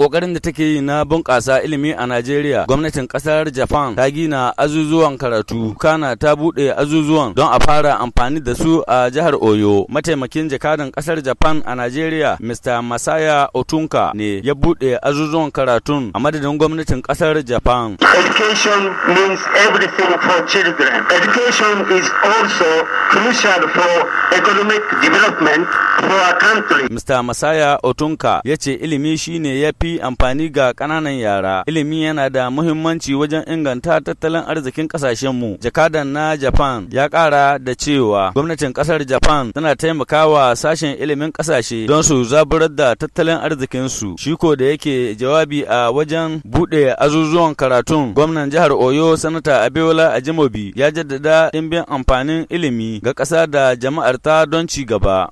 Ƙoƙarin da take yi na bunƙasa ilimi a Najeriya, gwamnatin ƙasar Japan ta gina azuzuwan karatu, kana ta buɗe azuzuwan don a fara amfani da su a jihar Oyo. Mataimakin jakadan ƙasar Japan a Najeriya, Mr. Masaya Otunka ne ya buɗe azuzuwan karatun a madadin gwamnatin ƙasar Japan. Education means everything for children. Education is also crucial for economic development for a country. Mr. Masaya Otunka ya ce ilimi shine ya fi fi amfani ga ƙananan yara. Ilimi yana da muhimmanci wajen inganta tattalin arzikin mu. Jakadan na Japan ya ƙara da cewa gwamnatin ƙasar Japan tana taimakawa sashen ilimin ƙasashe don su zaburar da tattalin arzikinsu. Shi ko da yake jawabi a wajen buɗe azuzuwan karatun gwamnan jihar Oyo Sanata Abiola Ajimobi ya jaddada ɗimbin amfanin ilimi ga ƙasa da jama'ar ta don ci gaba.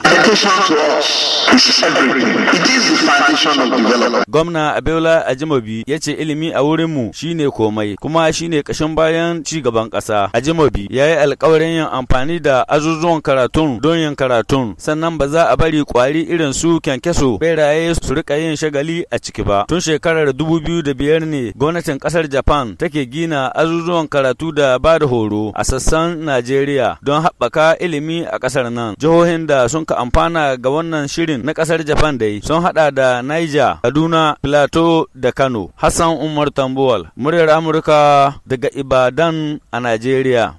Gwamna Abiola Ajimobi ya ce ilimi a wurinmu shine komai kuma shine kashin bayan ci gaban ƙasa. Ajimobi ya yi alkawarin yin amfani da azuzuwan karatun don yin karatun sannan ba za a bari kwari irin su kyankyaso beraye su rika yin shagali a ciki ba. Tun shekarar dubu biyu da biyar ne gwamnatin kasar Japan take gina azuzuwan karatu da ba da horo a sassan Najeriya don haɓaka ilimi a kasar nan. Jihohin da sun ka amfana ga wannan shirin na kasar Japan dai sun haɗa da Niger, Kaduna, Plateau da Kano. Hassan Umar Tambuwal, muryar Amurka daga Ibadan a Najeriya.